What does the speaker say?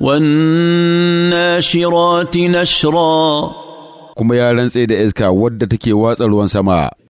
والناشرات نشرا kuma ya rantse da iska wadda take watsa ruwan sama